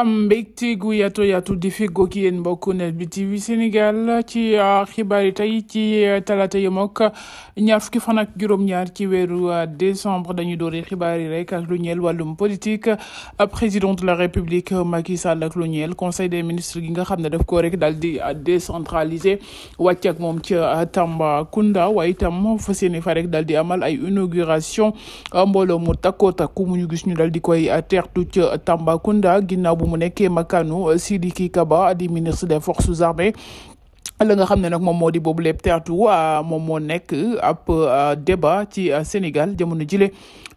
am mbégte gu yaatu yaatu di feggoog yéen mbokku net bi TV Sénégal ci euh, xibaar yi tey ci euh, talaata yi mok ñaar fukki fan ak juróom-ñaar ci weeru euh, décembre dañuy doori xibaar yi rek ak lu ñeel wàllum politique président de la république Macky Sall ak lu conseil des ministres gi nga xam ne daf ko rek daal di a wàcc ak moom ca Tambacounda waaye itam fas yéene fa rek daal di amal ay inauguration mbooloo mu takko takku mu ñu gis ñu di koy teertu ca Tambacounda ginnaaw mu nekkee makkaanu Sidiki Kaba di ministre des forces a la nga xam ne nag moom moo di boobu lépp teatu ah, moom moo nekk ab ah, débat ci ah, Sénégal jamono jile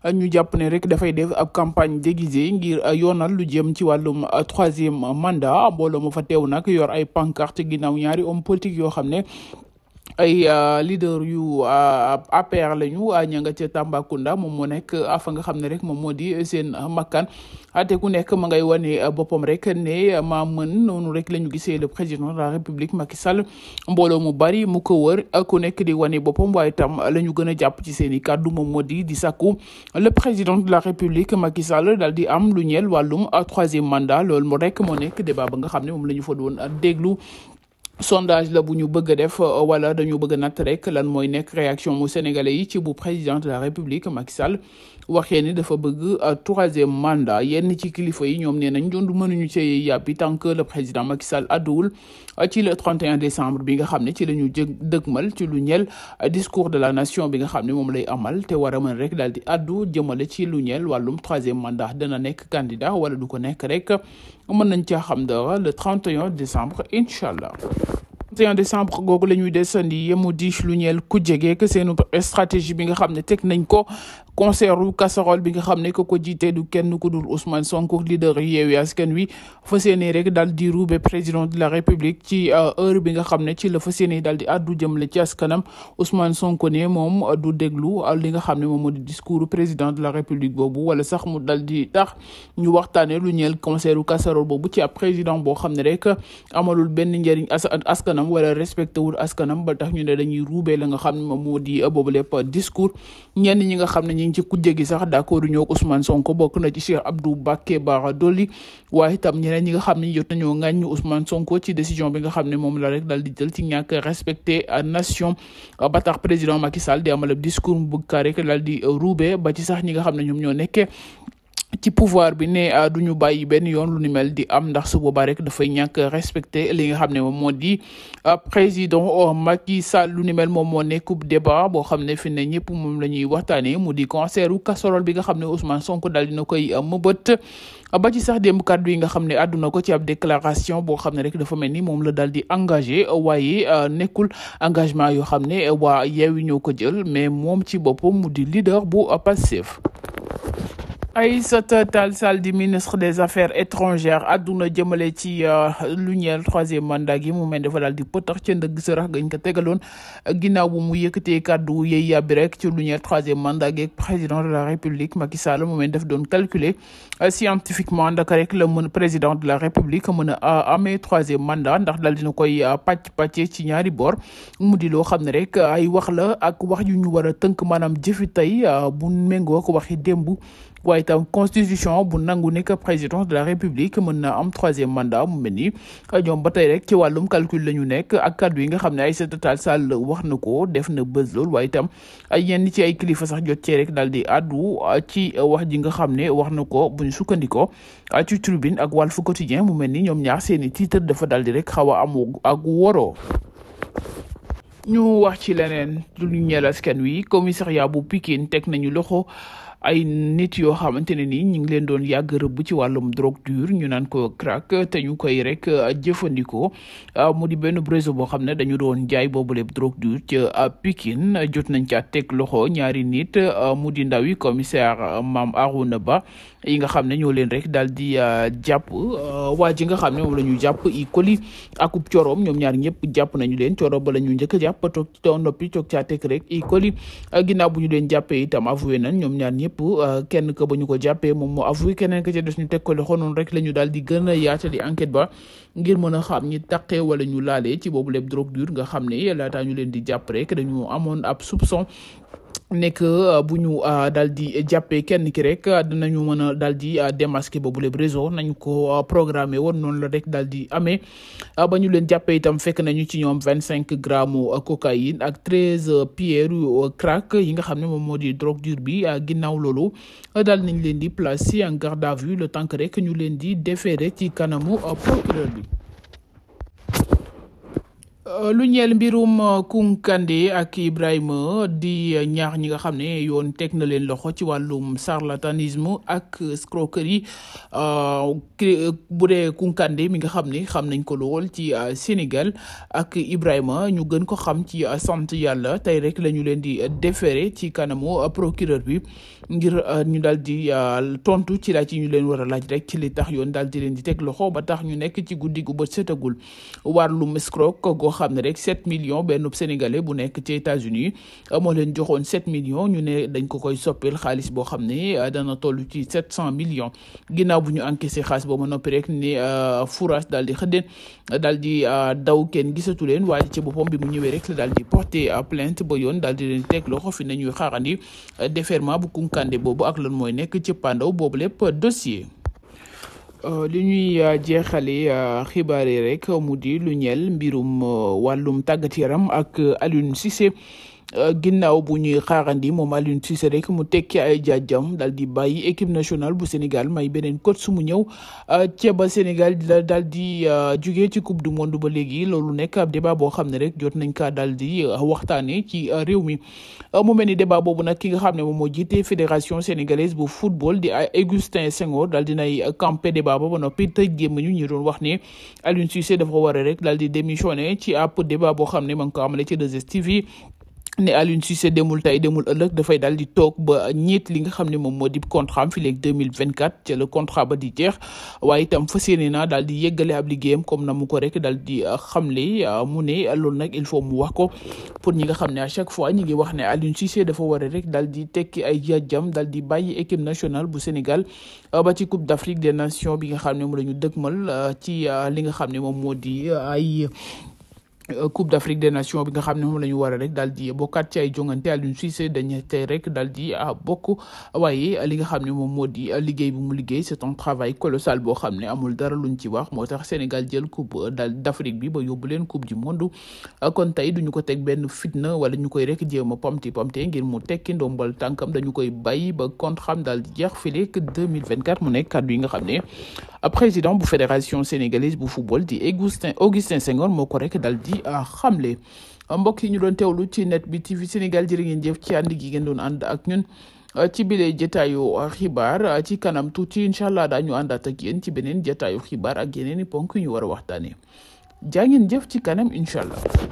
ñu jàpp ne rek dafay def ab campagne déguisée ngir yoonal lu jëm ci wàllum troisième mandat mbooloo mu fa teew nag yor ay pancarte ginnaaw ñaari homme politique yoo xam ne ay euh, leader yu euh, APR lañu euh, ña nga ca Tambacounda moom moo nekk fa nga xam ne rek moom moo di seen makkaan ah, te ku nekk ma ngay wane boppam rek ne maa mën noonu rek la ñu gisee le président de la république Macky Sall mbooloo mu bari mu ko wër ku nekk di wane boppam waaye itam la ñu gën a jàpp ci seen i kàddu moo di di sàkku le président de la république Macky Sall daal di am lu ñeel wàllum troisième mandat loolu moo rek moo nekk débat ba nga xam ne moom la ñu fa a déglu. sondage la bu ñu bëgg a def euh, wala dañu bëgg natt rek lan mooy nekk réaction mu sénégalais yi ci bu président de la république Macky Sall waxee ni dafa bëgg euh, troisième mandat yenn ci kilifa yi ñoom nee nañ doon mënuñu ci yàbbi tant que le président Macky Sall àdduwul euh, ci le 31 décembre bi nga xam ne ci la ñu jë mal ci lu ñeel discours de la nation bi nga xam ne moom lay amal te war a mën rek daal di àddu jëmale ci lu ñeel wàllum troisième mandat dana nekk candidat wala du ko nekk rek mën nañ caa xam dara le 31 décembre incha allah 31 décembre googu la ñuy desandi yemu diis lu ñeel ku jege que seenu stratégie bi nga xam ne teg nañ ko concertu casserole bi nga xam ne ko ko jiitee du kenn ku dul Ousmane Sonko leader Yewwi Askan Wi fa yéene rek dal di ruube président de la République ci euh, heure bi nga xam ne ci la fas yéene daal di àddu jëmale ci askanam Ousmane Sonko ne moom du déglu euh, li nga xam ne moom moo di discours président de la boobu wala sax mu daal di tax ñu waxtaane lu ñeel concertu casserole boobu ci ab président boo xam ne rek amalul benn njëriñ askanam wala respecté wul askanam ba tax ñu ne dañuy ruube la nga xam moom moo di euh, boobu lépp discours ñenn ñi nga xam ne ñi ngi ci sax d'accord ñoo ko Ousmane Sonko bokk na ci Cheikh Abdou Bakke Bara Dolly waaye itam ñeneen ñi nga xam ne jot nañoo ŋàññi Ousmane Sonko ci décision bi nga xam ne moom la rek daal di jël ci ñàkk respecté nation a tax président Macky Sall di amal ab discours bu carré daal di roube ba ci sax ñi nga xam ne ñoom ñoo nekkee ci pouvoir bi ne ah, du ñu bàyyi benn yoon lu ni di am ndax su boobaa rek dafay ñàkk respecté li nga xam ne moom moo di ah, président Macky Sall lu ni mel moom moo nekkub débat boo xam ne fi ne ñëpp moom la ñuy waxtaanee mu di concert u casserole bi nga xam ne Ousmane sonk daal dina koy ah, mëbët ba ci sax démb kàddu yi nga xam ne àdduna ko ci ab déclaration boo xam ne rek dafa mel ni moom la daal di engagé waaye nekkul engagement yoo xam ne waa yeewi ñoo ko jël mais moom ci boppam mu di leader bu Pastef Aïssata Tall Sall di ministre des affaires étrangères àdduna jëmale ci euh, lu ñeel troisième mandat gi mu mel dafa daal di pëtax ca ndëgg sarax gañ ko tegaloon ginnaaw bu mu yëkkatee kàddu yey yàbbi rek ci lu ñeel troisième mandat gi président de la république Macky Sall mu mel daf doon calculer euh, scientifiquement ndaka rek la mën président de la république mën a euh, amee troisième mandat ndax daal dina koy pacc pàccee ci ñaari boor mu di loo xam ne rek ay wax la ak wax yu ñu war a tënk maanaam jëfi tey bu méngoo ko waxi démb. waaye itam constitution bu nangu ni que présidence de la république mën na am troisième mandat mu mel ni ñoom ba tey rek ci wàllum calcul la ñu nekk ak kàddu yi nga xam ne Aïssata Tall Sall wax na ko def na bës lool waaye itam yenn ci ay kilifa sax jot cee rek daal di àddu ci wax ji nga xam ne wax na ko buñ ñu sukkandikoo ci tribune ak Walf Quotidien mu mel ni ñoom ñaar seeni titre dafa daal di rek xaw a am ak woroo ñu wax ci leneen lu ñu ñeel askan wi commissariat bu Pikine teg nañu loxo ay nit yoo xamante ne ni ñu ngi leen doon yàgg rëbb ci wàllum drogue dure ñu naan ko crack te ñu koy rek euh, jëfandikoo euh, mu di benn réseau boo xam ne dañu doon jaay boobu lépp drogue dure ca euh, Pikine jot nañ ca teg loxo ñaari nit mu di ndawi commissaire Mame Arouna Ba yi nga xam ne ñoo leen rek daal di jàpp waa ji nga xam ne moom la ñu jàpp i coli akub coroom ñoom ñaar ñëpp jàpp nañu leen coro bala la ñu njëkk a to toog noppi toog caa teg rek i coli ginnaaw bu ñu leen jàppee itam avoué nañ ñoom ñaar ñëpp yëpp euh, kenn ko ba ñu ko jàppee moom moo avoué keneen ka ca des ñu teg ko loxo noonu rek la ñu daal di gën a yaatali enquête ba ngir mën a xam ñi taqee wala ñu laalee ci boobu lépp drogue dure nga xam ne laataa ñu leen di jàpp rek dañu amoon ab soupçon nekk euh, bu ñu euh, daal di jàppee kenn ki rek euh, dinañu mën a daal di démasquer boobu lépp réseau nañu ko programmé woon noonu la rek daal di amee ba ñu leen jàppee itam fekk nañu ci ñoom vingt cinq grammes cocaïne ak treize pierres yu crack yi nga xam ne moom moo di drogue dure bi ginnaaw loolu daal nañ leen di placer en garde à vue le temps que rek ñu leen di déférer ci kanamu procureur bi. lu ñeel mbirum euh, Kounkandé ak Ibrahima di ñaax ñi nga xam ne yoon teg na leen loxo ci wàllum charlatanisme ak escroquerie euh, euh, bu dee Kounkandé mi nga xam ne xam nañ ko lool ci Sénégal ak Ibrahima ñu gën ko xam ci sant yàlla tey rek lañu leen di déféré ci kanamu procureur bi ngir ñu daal di tontu ci laaj yi ñu leen war a laaj rek ci li tax yoon daal di leen di teg loxo ba tax ñu nekk ci guddi gu bët setagul wàllum escroc goo xam ne rek sept million benn sénégalais bu nekk ci États-Unis euh, moo leen joxoon sept million ñu ne dañ ko koy soppeel xaalis boo xam ne euh, dana toll ci sept cent million ginnaaw bu ñu encaissé xaalis boo ma noppi rek ni euh, fourage daal di xëddeen daal di daw kenn gisatu leen waaye ci boppam bi mu ñëwee rek la daal di porté plainte ba yoon daal di leen teg loxo fi nañuy xaarandi déferment bu kunkande boobu ak lan mooy nekk ci pandaw boobu lépp dossier Euh, li ñuy euh, jeexalee euh, xibaar yi rek mu di lu ñeel mbirum wàllum tàggat yaram ak Aliou Cissé ginnaaw bu ñuy xaarandi moom Aliou Cissé rek mu tekki ay jaajam daal di bàyyi équipe nationale bu Sénégal may beneen coach su mu ñëw euh, ca ba Sénégal daal di euh, jugee ci coupe du ba léegi loolu nekk ab débat boo xam ne rek jot nañ kaa daal di euh, waxtaanee ci réew mi mu mel ni débat boobu nag ki nga xam ne moom moo jiite fédération sénégalaise bu football di Augustin Senghor daal dinay campé débat ba ba noppi tëj gémm ñu ñu doon wax ne Aliou Cissé dafa war rek daal di démissionné ci ab débat boo xam ne ma ngi ko amale ci 2STV ne Aliou Cissé demul tey demul ëllëg dafay daal di toog ba ñiit li nga xam ne moom moo di contrat am fi léegi deux mille vingt quatre ca la ba di jeex waaye itam fas yéene naa daal di yeggale ab liggéeyam comme na mu ko rek dal di uh, xamle uh, mu ne loolu nag il faut mu wax ko pour ñi nga xam ne chaque fois ñi ngi wax ne Aliou Cissé dafa war rek daal di tekki ay jajjam daal di bàyyi équipe nationale bu Sénégal uh, ba ci Coupe d'Afrique des Nations bi xam ne moom la ñu dëgmal ci li nga xam ne moom moo di ay. Euh, coupe d'Afrique des nation bi nga xam ne moom la ñu war a rek daal di bokkaat ci ay jongante Aliou Cissé dañ tey rek daal di a ah, bokk waaye euh, li nga xam ne moom moo di euh, liggéey bi mu liggéey c'est un travail colossal boo xam ne amul dara luñ ci wax moo tax Sénégal jël coupe daal d'Afrique bi ba yóbbu leen coupe du monde kon tey duñu ko teg benn fitna wala ñu koy rek jéem a pamti pamte ngir mu tekki ndombal tànkam dañu koy bay ba contre xam daal di jeex fileek 2024 mu nekk kàddu yi nga xam ne président bu fédération sénégalaise bu football di Augustin Augustin Senghor moo ko rek dal di ah, xamle a mbokk yi ñu doon teewlu ci net bi TV Sénégal jërë ngeen jëf ci ànd gi ngeen doon ànd ak ñun ah, ci bile jotaayu xibaar ah, ci kanam tuuti incha allah daañu àndaat ak yéen ci beneen jotaayu xibaar ak yeneen i ponk yu ñu war a waxtaanee jaa ngeen jëf ci kanam incha allah.